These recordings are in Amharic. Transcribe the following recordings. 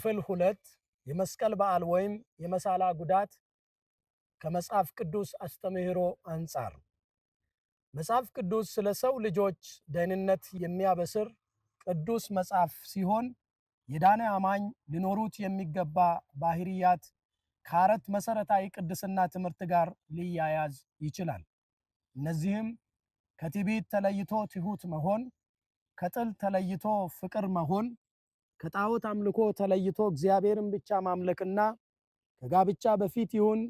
ክፍል ሁለት የመስቀል በዓል ወይም የመሳላ ጉዳት ከመጽሐፍ ቅዱስ አስተምህሮ አንጻር መጽሐፍ ቅዱስ ስለ ሰው ልጆች ደህንነት የሚያበስር ቅዱስ መጽሐፍ ሲሆን የዳነ አማኝ ሊኖሩት የሚገባ ባህርያት ከአረት መሰረታዊ ቅድስና ትምህርት ጋር ሊያያዝ ይችላል። እነዚህም ከትዕቢት ተለይቶ ትሑት መሆን፣ ከጥል ተለይቶ ፍቅር መሆን፣ ከጣዖት አምልኮ ተለይቶ እግዚአብሔርን ብቻ ማምለክና ከጋብቻ በፊት ይሁን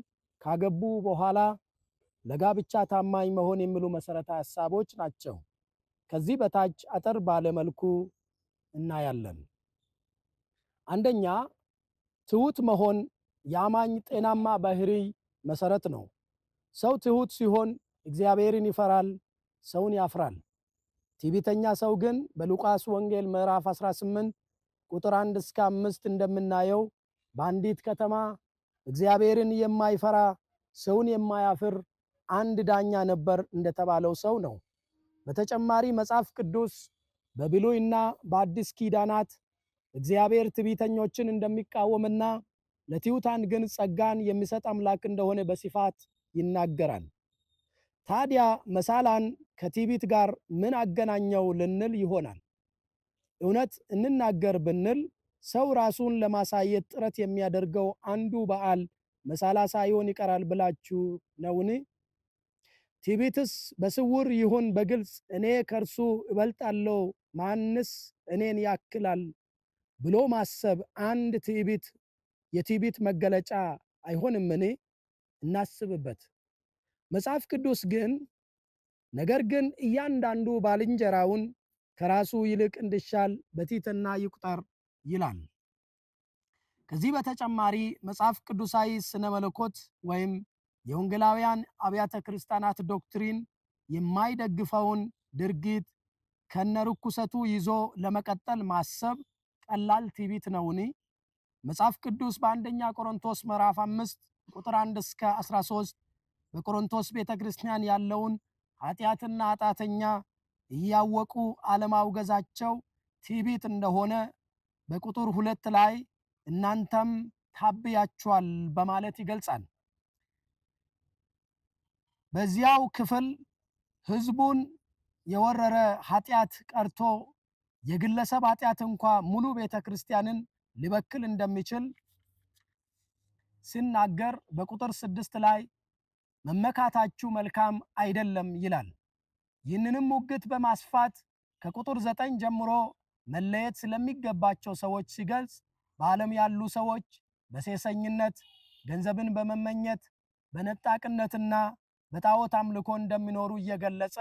ካገቡ በኋላ ለጋብቻ ታማኝ መሆን የሚሉ መሰረታዊ ሀሳቦች ናቸው። ከዚህ በታች አጠር ባለ መልኩ እናያለን። አንደኛ ትሁት መሆን የአማኝ ጤናማ ባህሪ መሰረት ነው። ሰው ትሁት ሲሆን እግዚአብሔርን ይፈራል፣ ሰውን ያፍራል። ትዕቢተኛ ሰው ግን በሉቃስ ወንጌል ምዕራፍ 18 ቁጥር አንድ እስከ አምስት እንደምናየው በአንዲት ከተማ እግዚአብሔርን የማይፈራ ሰውን የማያፍር አንድ ዳኛ ነበር እንደተባለው ሰው ነው። በተጨማሪ መጽሐፍ ቅዱስ በብሉይና በአዲስ ኪዳናት እግዚአብሔር ትዕቢተኞችን እንደሚቃወምና ለትሑታን ግን ጸጋን የሚሰጥ አምላክ እንደሆነ በስፋት ይናገራል። ታዲያ መሳላን ከትዕቢት ጋር ምን አገናኘው ልንል ይሆናል። እውነት እንናገር ብንል ሰው ራሱን ለማሳየት ጥረት የሚያደርገው አንዱ በዓል መሳላ ሳይሆን ይቀራል ብላችሁ ነውን? ቲቢትስ በስውር ይሁን በግልጽ እኔ ከእርሱ እበልጣለሁ ማንስ እኔን ያክላል ብሎ ማሰብ አንድ ትዕቢት የትዕቢት መገለጫ አይሆንምን? እናስብበት። መጽሐፍ ቅዱስ ግን ነገር ግን እያንዳንዱ ባልንጀራውን ከራሱ ይልቅ እንዲሻል በትህትና ይቁጠር ይላል። ከዚህ በተጨማሪ መጽሐፍ ቅዱሳዊ ስነ መለኮት ወይም የወንጌላውያን አብያተ ክርስቲያናት ዶክትሪን የማይደግፈውን ድርጊት ከነርኩሰቱ ይዞ ለመቀጠል ማሰብ ቀላል ትዕቢት ነውኒ። መጽሐፍ ቅዱስ በአንደኛ ቆሮንቶስ ምዕራፍ 5 ቁጥር 1 እስከ 13 በቆሮንቶስ ቤተ ክርስቲያን ያለውን ኃጢአትና ኃጢአተኛ እያወቁ አለማውገዛቸው ትዕቢት እንደሆነ በቁጥር ሁለት ላይ እናንተም ታብያችኋል በማለት ይገልጻል። በዚያው ክፍል ህዝቡን የወረረ ኃጢአት ቀርቶ የግለሰብ ኃጢአት እንኳ ሙሉ ቤተ ክርስቲያንን ሊበክል እንደሚችል ሲናገር በቁጥር ስድስት ላይ መመካታችሁ መልካም አይደለም ይላል። ይህንንም ሙግት በማስፋት ከቁጥር ዘጠኝ ጀምሮ መለየት ስለሚገባቸው ሰዎች ሲገልጽ በዓለም ያሉ ሰዎች በሴሰኝነት ገንዘብን በመመኘት በነጣቅነትና በጣዖት አምልኮ እንደሚኖሩ እየገለጸ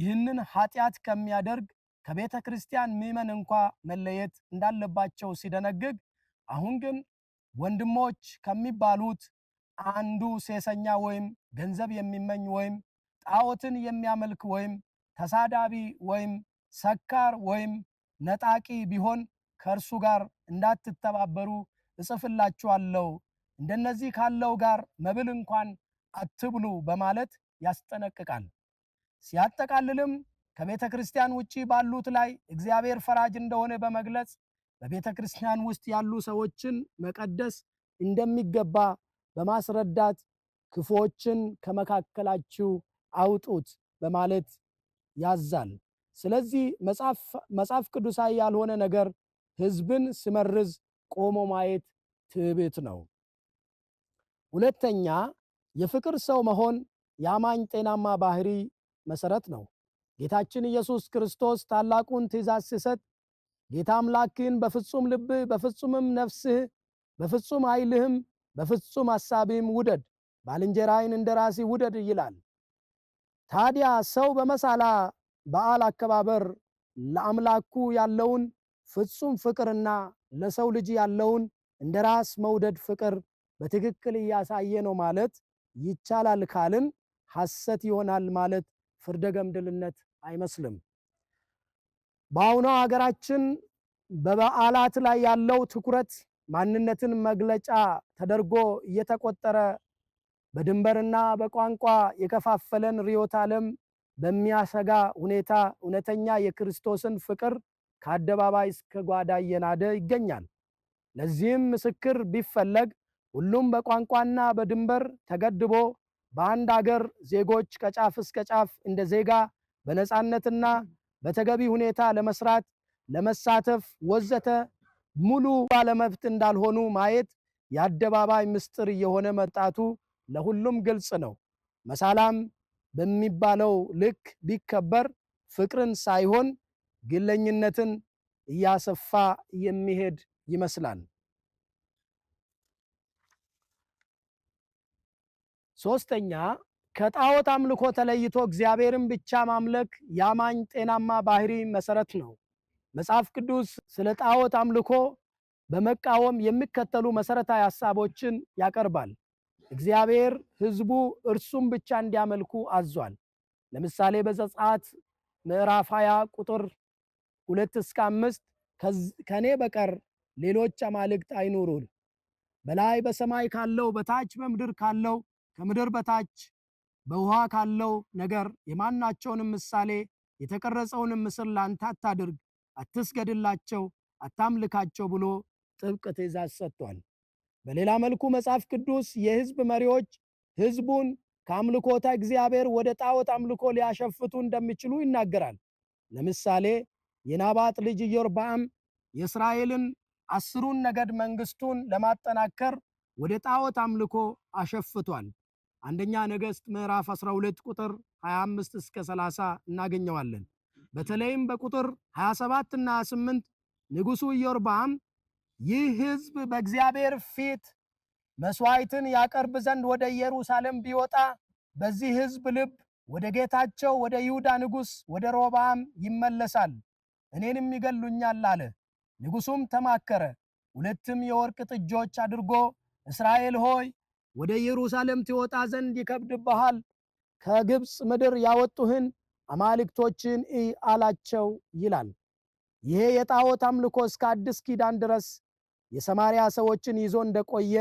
ይህንን ኃጢአት ከሚያደርግ ከቤተ ክርስቲያን ምዕመን እንኳ መለየት እንዳለባቸው ሲደነግግ፣ አሁን ግን ወንድሞች ከሚባሉት አንዱ ሴሰኛ ወይም ገንዘብ የሚመኝ ወይም ጣዖትን የሚያመልክ ወይም ተሳዳቢ ወይም ሰካር ወይም ነጣቂ ቢሆን ከእርሱ ጋር እንዳትተባበሩ እጽፍላችኋለሁ። እንደነዚህ ካለው ጋር መብል እንኳን አትብሉ በማለት ያስጠነቅቃል። ሲያጠቃልልም ከቤተ ክርስቲያን ውጪ ባሉት ላይ እግዚአብሔር ፈራጅ እንደሆነ በመግለጽ በቤተ ክርስቲያን ውስጥ ያሉ ሰዎችን መቀደስ እንደሚገባ በማስረዳት ክፉዎችን ከመካከላችሁ አውጡት በማለት ያዛል። ስለዚህ መጽሐፍ ቅዱሳዊ ያልሆነ ነገር ህዝብን ሲመርዝ ቆሞ ማየት ትዕቢት ነው። ሁለተኛ የፍቅር ሰው መሆን የአማኝ ጤናማ ባህሪ መሰረት ነው። ጌታችን ኢየሱስ ክርስቶስ ታላቁን ትእዛዝ ሲሰጥ ጌታ አምላክህን በፍጹም ልብህ፣ በፍጹምም ነፍስህ፣ በፍጹም ኃይልህም፣ በፍጹም ሐሳብህም ውደድ፣ ባልንጀራህን እንደ ራስህ ውደድ ይላል። ታዲያ ሰው በመሳላ በዓል አከባበር ለአምላኩ ያለውን ፍጹም ፍቅርና ለሰው ልጅ ያለውን እንደ ራስ መውደድ ፍቅር በትክክል እያሳየ ነው ማለት ይቻላል ካልን ሐሰት ይሆናል ማለት ፍርደ ገምድልነት አይመስልም። በአሁኗ ሀገራችን በበዓላት ላይ ያለው ትኩረት ማንነትን መግለጫ ተደርጎ እየተቆጠረ በድንበርና በቋንቋ የከፋፈለን ርዕዮተ ዓለም በሚያሰጋ ሁኔታ እውነተኛ የክርስቶስን ፍቅር ከአደባባይ እስከ ጓዳ እየናደ ይገኛል። ለዚህም ምስክር ቢፈለግ ሁሉም በቋንቋና በድንበር ተገድቦ በአንድ አገር ዜጎች ከጫፍ እስከ ጫፍ እንደ ዜጋ በነፃነትና በተገቢ ሁኔታ ለመስራት፣ ለመሳተፍ ወዘተ ሙሉ ባለመብት እንዳልሆኑ ማየት የአደባባይ ምስጢር እየሆነ መጣቱ ለሁሉም ግልጽ ነው። መሳላም በሚባለው ልክ ቢከበር ፍቅርን ሳይሆን ግለኝነትን እያሰፋ የሚሄድ ይመስላል። ሶስተኛ ከጣዖት አምልኮ ተለይቶ እግዚአብሔርን ብቻ ማምለክ የአማኝ ጤናማ ባህሪ መሰረት ነው። መጽሐፍ ቅዱስ ስለ ጣዖት አምልኮ በመቃወም የሚከተሉ መሰረታዊ ሀሳቦችን ያቀርባል። እግዚአብሔር ህዝቡ እርሱም ብቻ እንዲያመልኩ አዟል። ለምሳሌ በዘጸአት ምዕራፍ 20 ቁጥር 2 እስከ አምስት ከኔ በቀር ሌሎች አማልክት አይኑሩን በላይ በሰማይ ካለው በታች በምድር ካለው ከምድር በታች በውሃ ካለው ነገር የማናቸውንም ምሳሌ የተቀረጸውንም ምስል ላንተ አታድርግ፣ አትስገድላቸው፣ አታምልካቸው ብሎ ጥብቅ ትእዛዝ ሰጥቷል። በሌላ መልኩ መጽሐፍ ቅዱስ የህዝብ መሪዎች ህዝቡን ከአምልኮታ እግዚአብሔር ወደ ጣዖት አምልኮ ሊያሸፍቱ እንደሚችሉ ይናገራል። ለምሳሌ የናባጥ ልጅ ኢዮርባም የእስራኤልን አስሩን ነገድ መንግስቱን ለማጠናከር ወደ ጣዖት አምልኮ አሸፍቷል። አንደኛ ነገስት ምዕራፍ 12 ቁጥር 25 እስከ 30 እናገኘዋለን። በተለይም በቁጥር 27 እና 28 ንጉሱ ኢዮርባም ይህ ሕዝብ በእግዚአብሔር ፊት መስዋዕትን ያቀርብ ዘንድ ወደ ኢየሩሳሌም ቢወጣ በዚህ ሕዝብ ልብ ወደ ጌታቸው ወደ ይሁዳ ንጉሥ ወደ ሮባም ይመለሳል፣ እኔንም ይገሉኛል አለ። ንጉሡም ተማከረ። ሁለትም የወርቅ ጥጆች አድርጎ እስራኤል ሆይ ወደ ኢየሩሳሌም ትወጣ ዘንድ ይከብድብሃል፣ ከግብፅ ምድር ያወጡህን አማልክቶችን እይ አላቸው ይላል። ይሄ የጣዖት አምልኮ እስከ አዲስ ኪዳን ድረስ የሰማርያ ሰዎችን ይዞ እንደቆየ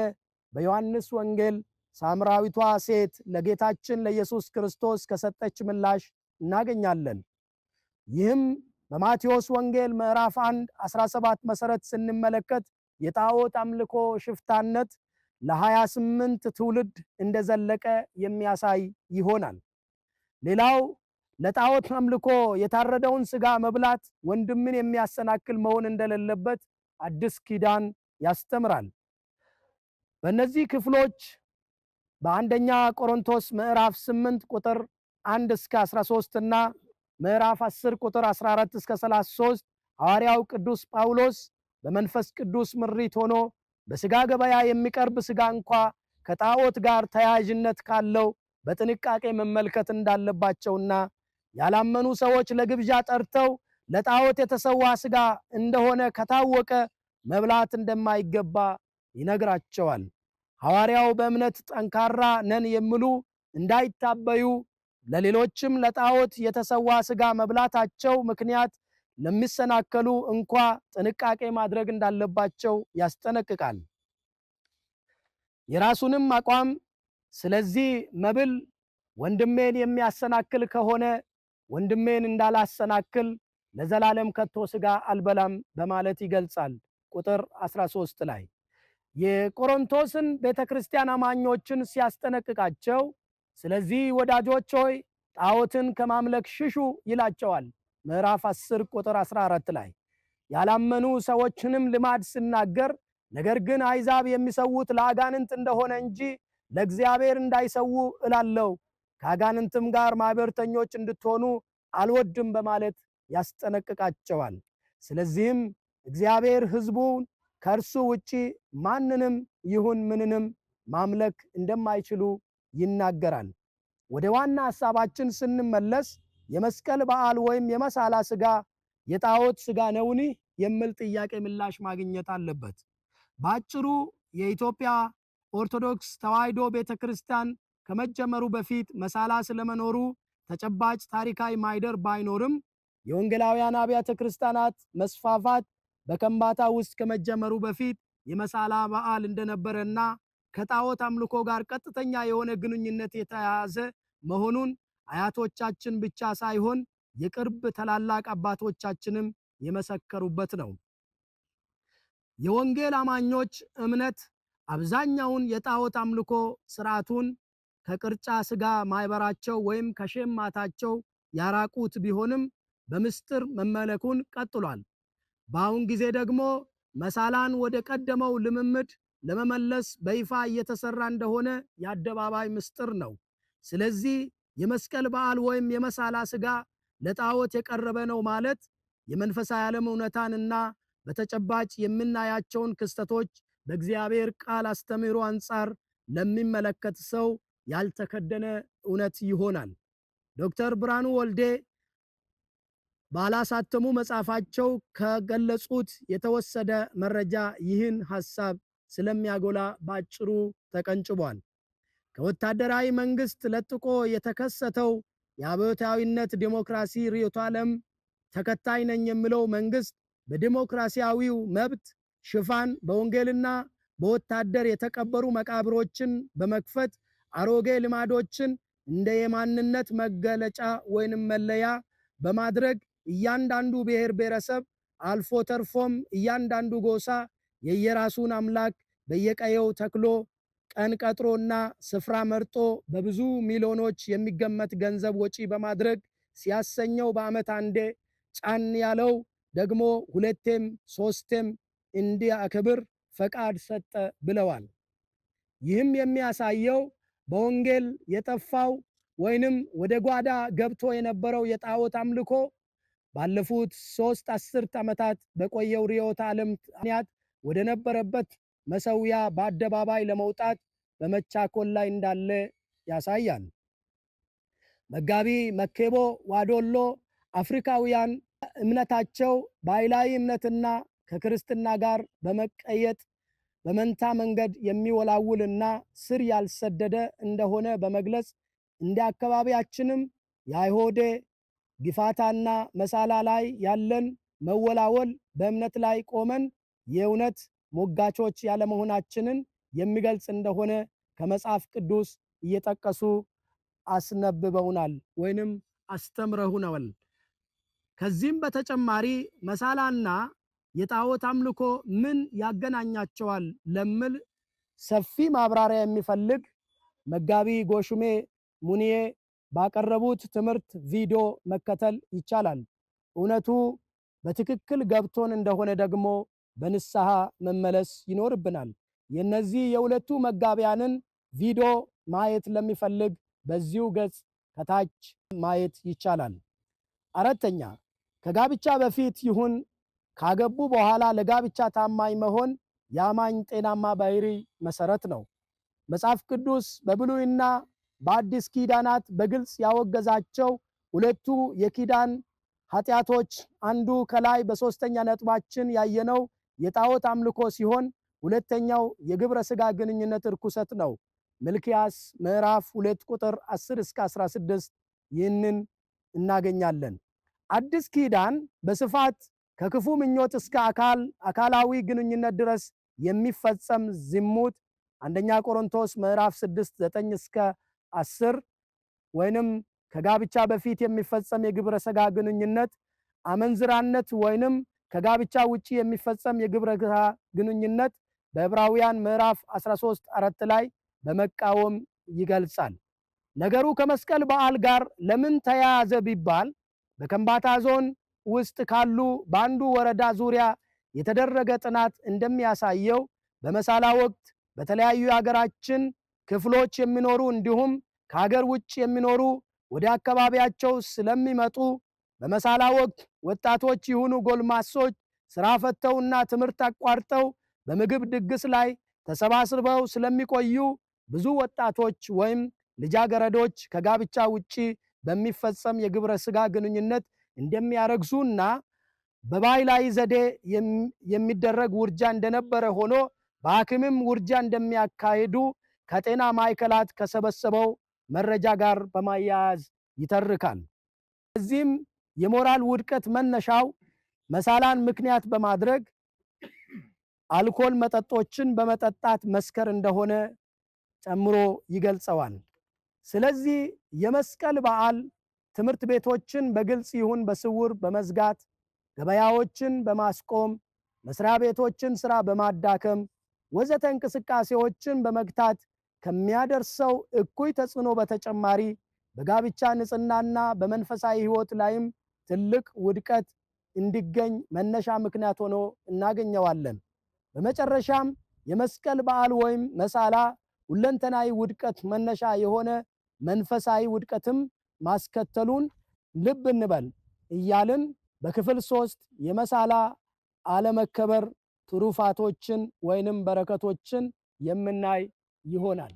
በዮሐንስ ወንጌል ሳምራዊቷ ሴት ለጌታችን ለኢየሱስ ክርስቶስ ከሰጠች ምላሽ እናገኛለን። ይህም በማቴዎስ ወንጌል ምዕራፍ 1 17 መሰረት ስንመለከት የጣዖት አምልኮ ሽፍታነት ለ28 ትውልድ እንደዘለቀ የሚያሳይ ይሆናል። ሌላው ለጣዖት አምልኮ የታረደውን ስጋ መብላት ወንድምን የሚያሰናክል መሆን እንደሌለበት አዲስ ኪዳን ያስተምራል። በእነዚህ ክፍሎች በአንደኛ ቆሮንቶስ ምዕራፍ 8 ቁጥር 1 እስከ 13 እና ምዕራፍ 10 ቁጥር 14 እስከ 33 ሐዋርያው ቅዱስ ጳውሎስ በመንፈስ ቅዱስ ምሪት ሆኖ በስጋ ገበያ የሚቀርብ ስጋ እንኳ ከጣዖት ጋር ተያያዥነት ካለው በጥንቃቄ መመልከት እንዳለባቸውና ያላመኑ ሰዎች ለግብዣ ጠርተው ለጣዖት የተሰዋ ስጋ እንደሆነ ከታወቀ መብላት እንደማይገባ ይነግራቸዋል። ሐዋርያው በእምነት ጠንካራ ነን የሚሉ እንዳይታበዩ ለሌሎችም ለጣዖት የተሰዋ ሥጋ መብላታቸው ምክንያት ለሚሰናከሉ እንኳ ጥንቃቄ ማድረግ እንዳለባቸው ያስጠነቅቃል። የራሱንም አቋም ስለዚህ መብል ወንድሜን የሚያሰናክል ከሆነ ወንድሜን እንዳላሰናክል ለዘላለም ከቶ ሥጋ አልበላም በማለት ይገልጻል። ቁጥር 13 ላይ የቆሮንቶስን ቤተ ክርስቲያን አማኞችን ሲያስጠነቅቃቸው ስለዚህ ወዳጆች ሆይ ጣዖትን ከማምለክ ሽሹ ይላቸዋል። ምዕራፍ 10 ቁጥር 14 ላይ ያላመኑ ሰዎችንም ልማድ ስናገር ነገር ግን አይዛብ የሚሰውት ለአጋንንት እንደሆነ እንጂ ለእግዚአብሔር እንዳይሰው እላለሁ፣ ከአጋንንትም ጋር ማኅበርተኞች እንድትሆኑ አልወድም በማለት ያስጠነቅቃቸዋል። ስለዚህም እግዚአብሔር ሕዝቡን ከእርሱ ውጪ ማንንም ይሁን ምንንም ማምለክ እንደማይችሉ ይናገራል። ወደ ዋና ሐሳባችን ስንመለስ የመስቀል በዓል ወይም የመሳላ ስጋ የጣዖት ስጋ ነውን የሚል ጥያቄ ምላሽ ማግኘት አለበት። በአጭሩ የኢትዮጵያ ኦርቶዶክስ ተዋሕዶ ቤተክርስቲያን ከመጀመሩ በፊት መሳላ ስለመኖሩ ተጨባጭ ታሪካዊ ማይደር ባይኖርም የወንጌላውያን አብያተ ክርስቲያናት መስፋፋት በከምባታ ውስጥ ከመጀመሩ በፊት የመሳላ በዓል እንደነበረና ከጣዖት አምልኮ ጋር ቀጥተኛ የሆነ ግንኙነት የተያያዘ መሆኑን አያቶቻችን ብቻ ሳይሆን የቅርብ ታላላቅ አባቶቻችንም የመሰከሩበት ነው። የወንጌል አማኞች እምነት አብዛኛውን የጣዖት አምልኮ ስርዓቱን ከቅርጫ ስጋ ማይበራቸው ወይም ማታቸው ያራቁት ቢሆንም በምስጢር መመለኩን ቀጥሏል። በአሁን ጊዜ ደግሞ መሳላን ወደ ቀደመው ልምምድ ለመመለስ በይፋ እየተሰራ እንደሆነ የአደባባይ ምስጢር ነው። ስለዚህ የመስቀል በዓል ወይም የመሳላ ስጋ ለጣዖት የቀረበ ነው ማለት የመንፈሳዊ ዓለም እውነታንና በተጨባጭ የምናያቸውን ክስተቶች በእግዚአብሔር ቃል አስተምህሮ አንጻር ለሚመለከት ሰው ያልተከደነ እውነት ይሆናል። ዶክተር ብርሃኑ ወልዴ ባላሳተሙ መጽሐፋቸው ከገለጹት የተወሰደ መረጃ ይህን ሐሳብ ስለሚያጎላ ባጭሩ ተቀንጭቧል። ከወታደራዊ መንግስት ለጥቆ የተከሰተው የአብዮታዊነት ዲሞክራሲ ርዕዮተ ዓለም ተከታይ ነኝ የሚለው መንግስት በዲሞክራሲያዊው መብት ሽፋን በወንጌልና በወታደር የተቀበሩ መቃብሮችን በመክፈት አሮጌ ልማዶችን እንደ የማንነት መገለጫ ወይንም መለያ በማድረግ እያንዳንዱ ብሔር ብሔረሰብ አልፎ ተርፎም እያንዳንዱ ጎሳ የየራሱን አምላክ በየቀየው ተክሎ ቀን ቀጥሮና ስፍራ መርጦ በብዙ ሚሊዮኖች የሚገመት ገንዘብ ወጪ በማድረግ ሲያሰኘው በዓመት አንዴ ጫን ያለው ደግሞ ሁለቴም ሶስቴም እንዲያከብር ፈቃድ ሰጠ ብለዋል። ይህም የሚያሳየው በወንጌል የጠፋው ወይንም ወደ ጓዳ ገብቶ የነበረው የጣዖት አምልኮ ባለፉት ሶስት አስርት ዓመታት በቆየው ርዕዮተ ዓለም ምክንያት ወደ ነበረበት መሰውያ በአደባባይ ለመውጣት በመቻኮል ላይ እንዳለ ያሳያል። መጋቢ መኬቦ ዋዶሎ አፍሪካውያን እምነታቸው ባህላዊ እምነትና ከክርስትና ጋር በመቀየጥ በመንታ መንገድ የሚወላውልና ስር ያልሰደደ እንደሆነ በመግለጽ እንደ አካባቢያችንም የአይሆዴ ግፋታና መሳላ ላይ ያለን መወላወል በእምነት ላይ ቆመን የእውነት ሞጋቾች ያለመሆናችንን የሚገልጽ እንደሆነ ከመጽሐፍ ቅዱስ እየጠቀሱ አስነብበውናል ወይንም አስተምረውናል። ከዚህም በተጨማሪ መሳላና የጣዖት አምልኮ ምን ያገናኛቸዋል ለምል ሰፊ ማብራሪያ የሚፈልግ መጋቢ ጎሹሜ ሙኒዬ ባቀረቡት ትምህርት ቪዲዮ መከተል ይቻላል። እውነቱ በትክክል ገብቶን እንደሆነ ደግሞ በንስሐ መመለስ ይኖርብናል። የነዚህ የሁለቱ መጋቢያንን ቪዲዮ ማየት ለሚፈልግ በዚሁ ገጽ ከታች ማየት ይቻላል። አራተኛ ከጋብቻ በፊት ይሁን ካገቡ በኋላ ለጋብቻ ታማኝ መሆን የአማኝ ጤናማ ባህሪ መሰረት ነው። መጽሐፍ ቅዱስ በብሉይና በአዲስ ኪዳናት በግልጽ ያወገዛቸው ሁለቱ የኪዳን ኃጢአቶች አንዱ ከላይ በሶስተኛ ነጥባችን ያየነው የጣዖት አምልኮ ሲሆን ሁለተኛው የግብረ ስጋ ግንኙነት እርኩሰት ነው። ሚልክያስ ምዕራፍ 2 ቁጥር 10 እስከ 16 ይህንን እናገኛለን። አዲስ ኪዳን በስፋት ከክፉ ምኞት እስከ አካል አካላዊ ግንኙነት ድረስ የሚፈጸም ዝሙት አንደኛ ቆሮንቶስ ምዕራፍ 6 9 እስከ አስር ወይንም ከጋብቻ በፊት የሚፈጸም የግብረ ስጋ ግንኙነት፣ አመንዝራነት ወይንም ከጋብቻ ውጪ የሚፈጸም የግብረ ስጋ ግንኙነት በዕብራውያን ምዕራፍ 13 አራት ላይ በመቃወም ይገልጻል። ነገሩ ከመስቀል በዓል ጋር ለምን ተያያዘ ቢባል በከምባታ ዞን ውስጥ ካሉ በአንዱ ወረዳ ዙሪያ የተደረገ ጥናት እንደሚያሳየው በመሳላ ወቅት በተለያዩ የሀገራችን ክፍሎች የሚኖሩ እንዲሁም ከሀገር ውጭ የሚኖሩ ወደ አካባቢያቸው ስለሚመጡ በመሳላ ወቅት ወጣቶች ይሁኑ ጎልማሶች ስራ ፈተውና ትምህርት አቋርጠው በምግብ ድግስ ላይ ተሰባስበው ስለሚቆዩ ብዙ ወጣቶች ወይም ልጃገረዶች ከጋብቻ ውጪ በሚፈጸም የግብረ ስጋ ግንኙነት እንደሚያረግዙና በባህላዊ ዘዴ የሚደረግ ውርጃ እንደነበረ ሆኖ በሐኪምም ውርጃ እንደሚያካሂዱ ከጤና ማዕከላት ከሰበሰበው መረጃ ጋር በማያያዝ ይተርካል። እዚህም የሞራል ውድቀት መነሻው መሳላን ምክንያት በማድረግ አልኮል መጠጦችን በመጠጣት መስከር እንደሆነ ጨምሮ ይገልጸዋል። ስለዚህ የመስቀል በዓል ትምህርት ቤቶችን በግልጽ ይሁን በስውር በመዝጋት ገበያዎችን በማስቆም መስሪያ ቤቶችን ስራ በማዳከም ወዘተ እንቅስቃሴዎችን በመግታት ከሚያደርሰው እኩይ ተጽዕኖ በተጨማሪ በጋብቻ ንጽህናና በመንፈሳዊ ህይወት ላይም ትልቅ ውድቀት እንዲገኝ መነሻ ምክንያት ሆኖ እናገኘዋለን። በመጨረሻም የመስቀል በዓል ወይም መሳላ ሁለንተናዊ ውድቀት መነሻ የሆነ መንፈሳዊ ውድቀትም ማስከተሉን ልብ እንበል እያልን በክፍል ሶስት የመሳላ አለመከበር ትሩፋቶችን ወይንም በረከቶችን የምናይ ይሆናል።